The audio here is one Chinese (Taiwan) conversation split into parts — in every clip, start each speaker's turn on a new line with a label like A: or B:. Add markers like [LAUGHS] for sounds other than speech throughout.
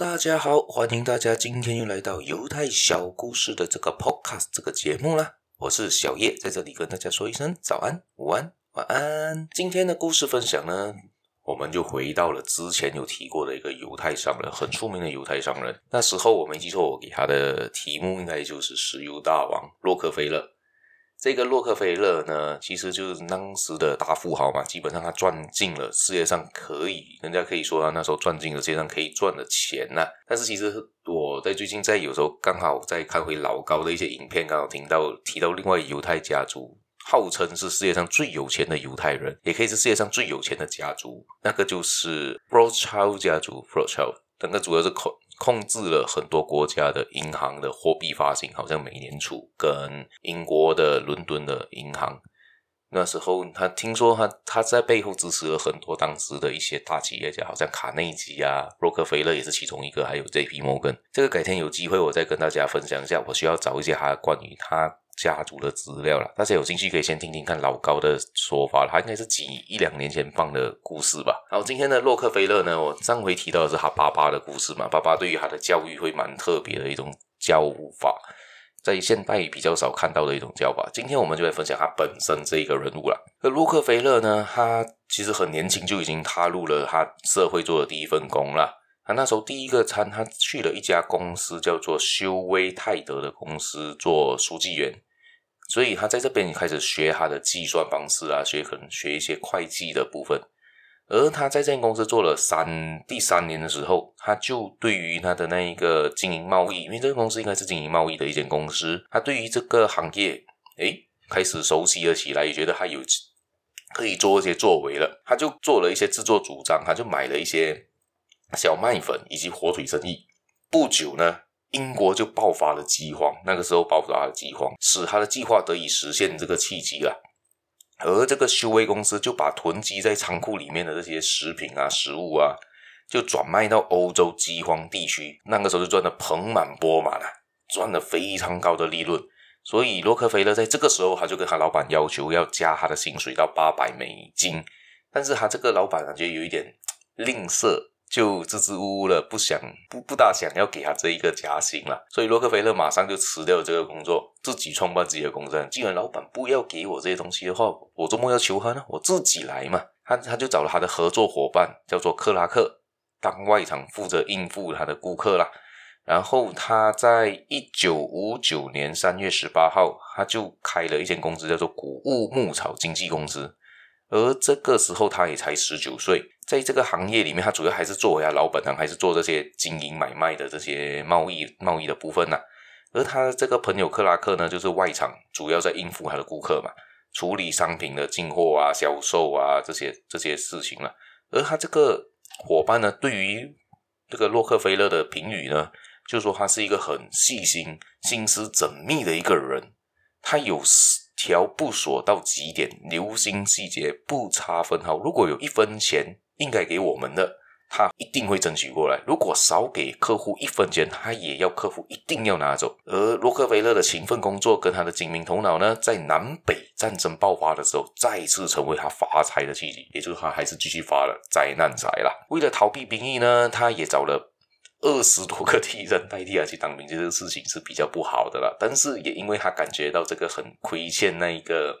A: 大家好，歡迎大家今天又來到猶太小故事的這個 podcast 這個節目啦，我是小葉，在這裡跟大家說一聲早安、午安、晚安。今天的故事分享呢，我們就回到了之前有提過的一個猶太商人，很出名的猶太商人。那時候我沒記錯，我給他的題目應該就是石油大王洛克菲勒。這個洛克菲勒呢，其實就是當時的大富豪嘛，基本上他賺盡了世界上可以，人家可以說他那時候賺盡了世界上可以賺的錢了、啊。但是其實我在最近在有時候剛好在看回老高的一些影片，剛好聽到提到另外猶太家族，號稱是世界上最有錢的猶太人，也可以是世界上最有錢的家族，那個就是 Rothschild 家族 Rothschild 整個主要是靠。控制了很多國家的銀行的貨幣發行，好像美聯儲跟英國的倫敦的銀行。那時候，他聽說他他在背後支持了很多當時的一些大企業家，好像卡內基啊、洛克菲勒也是其中一個，還有 J.P. 摩根。這個改天有機會我再跟大家分享一下，我需要找一些他關於他家族的資料啦。大家有興趣可以先聽聽看老高的說法啦，他應該是幾一兩年前放的故事吧。然後今天的洛克菲勒呢，我上回提到的是他爸爸的故事嘛，爸爸對於他的教育會蠻特別的一種教法。在現代比較少看到的一種叫法，今天我們就來分享他本身這個人物了。那洛克菲勒呢？他其實很年輕就已經踏入了他社會做的第一份工了。他那時候第一個餐，他去了一家公司，叫做修威泰德的公司做書記員，所以他在這邊也開始學他的計算方式啊，學可能學一些會計的部分。而他在這間公司做了三第三年的時候，他就對於他的那一個經營貿易，因為這個公司應該是經營貿易的一間公司，他對於這個行業，哎，開始熟悉了起來，也覺得他有可以做一些作為了，他就做了一些自作主張，他就買了一些小麥粉以及火腿生意。不久呢，英國就爆發了饑荒，那個時候爆發了饑荒，使他的計劃得以實現這個契機了。而這個修威公司就把囤積在倉庫裡面的這些食品啊、食物啊，就轉賣到歐洲饑荒地區，那個時候就賺得盆滿缽滿啊，賺了非常高的利潤。所以洛克菲勒在這個時候，他就跟他老闆要求要加他的薪水到八百美金，但是他這個老闆感覺有一點吝嗇。就支支吾吾了，不想不不大想要給他這一個加薪了，所以洛克菲勒馬上就辭掉這個工作，自己創辦自己的公司。既然老板不要給我這些東西的話，我怎麼要求他呢？我自己來嘛。他他就找了他的合作伙伴，叫做克拉克，當外場負責應付他的顧客啦。然後他在一九五九年三月十八號，他就開了一間公司，叫做谷物牧草經紀公司。而這個時候，他也才十九歲。在這個行業裡面，他主要還是做呀啊老本行，還是做這些經營買賣的這些貿易貿易的部分呢、啊。而他的這個朋友克拉克呢，就是外場主要在應付他的顧客嘛，處理商品的進貨啊、銷售啊這些這些事情了、啊。而他這個夥伴呢，對於這個洛克菲勒的評語呢，就說他是一個很細心、心思縝密的一個人，他有條不紊到極點，留心細節，不差分毫。如果有一分錢，應該給我們的，他一定會爭取過來。如果少給客戶一分錢，他也要客戶一定要拿走。而洛克菲勒的勤奮工作跟他的精明頭腦呢，在南北戰爭爆發的時候，再次成為他發財的契機，也就是他還是繼續發了災難財了。為了逃避兵役呢，他也找了二十多個替身代替他去當兵，就是、這個事情是比較不好的了。但是也因為他感覺到這個很虧欠那一個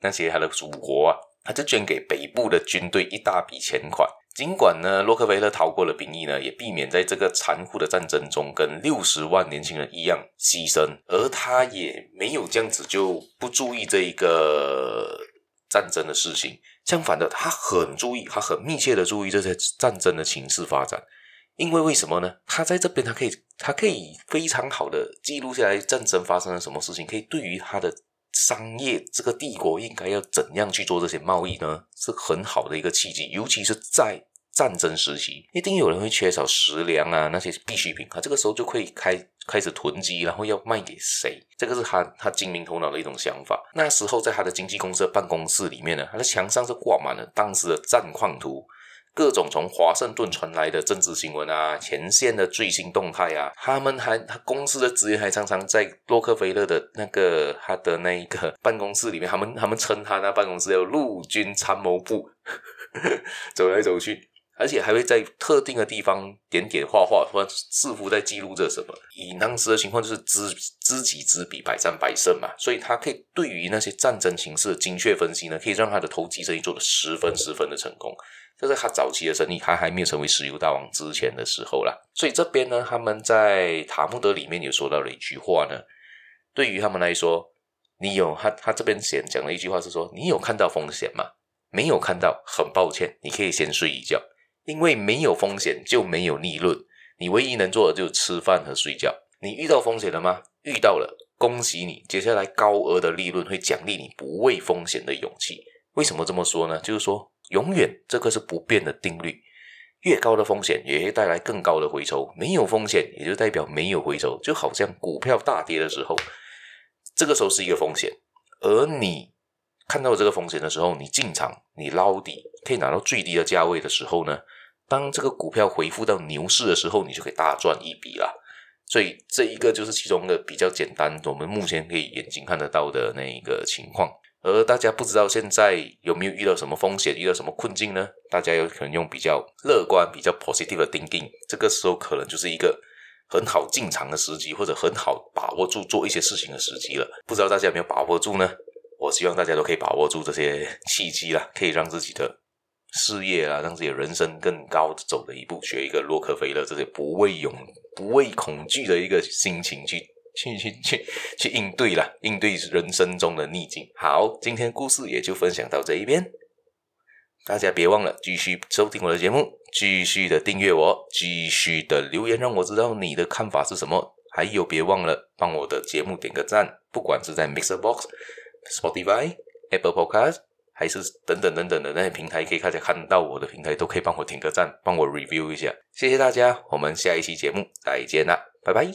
A: 那些他的祖國啊。他就捐給北部的軍隊一大筆錢款，儘管呢洛克菲勒逃過了兵役呢，也避免在這個殘酷的戰爭中跟六十萬年輕人一樣犧牲，而他也沒有這樣子就不注意這一個戰爭的事情，相反的，他很注意，他很密切的注意這些戰爭的情勢發展，因為為什麼呢？他在這邊他可以他可以非常好的記錄下來戰爭發生了什麼事情，可以對於他的。商業這個帝國應該要怎樣去做這些貿易呢？是很好的一個契機，尤其是在戰爭時期，一定有人會缺少食糧啊，那些必需品啊，這個時候就可以開開始囤積，然後要賣給誰？這個是他他精明頭腦的一種想法。那時候在他的經紀公司的辦公室裡面呢，他的牆上是掛滿了當時的戰況圖。各種從華盛頓傳來的政治新聞啊，前線的最新動態啊，他們還他公司的職員還常常在洛克菲勒的那個他的那一個辦公室裡面，他們他們稱他那辦公室有陸軍參謀部， [LAUGHS] 走來走去。而且還會在特定的地方點點畫畫，或似乎在記錄着什麼。以當時的情況，就是知知己知彼，百戰百勝嘛。所以他可以對於那些戰爭形勢的精確分析呢，可以讓他的投機生意做得十分十分的成功。這是他早期的生意，他還沒有成為石油大王之前的時候啦。所以這邊呢，他們在塔木德裡面有說到了一句話呢，對於他們來說，你有他他這邊先講了一句話是說，你有看到風險嗎？沒有看到，很抱歉，你可以先睡一覺。因為沒有風險就沒有利潤，你唯一能做的就是吃飯和睡覺。你遇到風險了嗎？遇到了，恭喜你！接下來高額的利潤會獎勵你不畏風險的勇氣。為什麼這麼說呢？就是說，永遠這個是不變的定律：越高的風險也會帶來更高的回酬。沒有風險也就代表沒有回酬。就好像股票大跌的時候，這個時候是一個風險，而你看到這個風險的時候，你進場、你撈底，可以拿到最低的價位的時候呢，當這個股票回復到牛市的時候，你就可以大賺一筆了。所以這一個就是其中的比較簡單，我們目前可以眼睛看得到的那一個情況。而大家不知道現在有沒有遇到什麼風險，遇到什麼困境呢？大家有可能用比較樂觀、比較 positive 的 thinking，這個時候可能就是一個很好進場的時機，或者很好把握住做一些事情的時機了。不知道大家有沒有把握住呢？我希望大家都可以把握住這些契機啦，可以讓自己的。事業啦，讓自己人生更高走的一步，學一個洛克菲勒這些不畏勇、不畏恐懼的一個心情去去去去去應對啦，應對人生中的逆境。好，今天故事也就分享到這一邊，大家別忘了繼續收聽我的節目，繼續的訂閱我，繼續的留言讓我知道你的看法是什麼。還有，別忘了幫我的節目點個讚，不管是在 MixerBox、Spotify、Apple Podcast。還是等等等等的那些平台，可以大家看到我的平台，都可以幫我點個讚，幫我 review 一下。謝謝大家。我們下一期節目再見啦，拜拜。